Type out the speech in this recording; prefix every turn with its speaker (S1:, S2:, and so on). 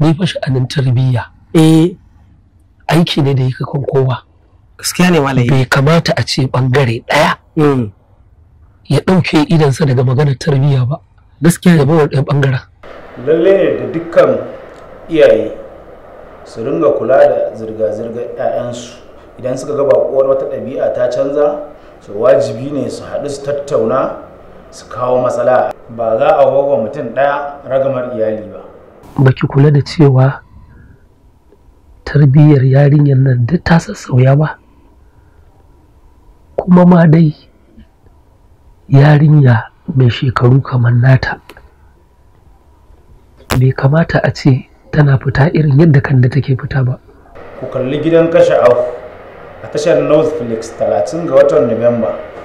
S1: ni fa sha'anin tarbiyya eh aiki ne da yake kan kowa
S2: gaskiya ne malai bai kamata a ce bangare daya hmm. ya dauke idansa daga maganar tarbiyya ba gaskiya ne bawa ɗaya bangaren
S3: lalle ne da dukkan iyaye su ringa kula da zirga-zirgar 'ya'yansu idan suka ga baƙuwar wata ɗabi'a ta canza su wajibi ne su haɗu su tattauna su kawo matsala ba za a wawa mutum ɗaya ragamar iyali ba
S1: baki kula da cewa tarbiyyar yarinyar nan duk ta sassauya ba kuma ma dai yarinya mai shekaru kamar nata bai kamata a ce tana fita irin yadda kanda take fita ba
S3: ku kalli gidan kashe auf a tashar north talatin 30 ga watan nuwamba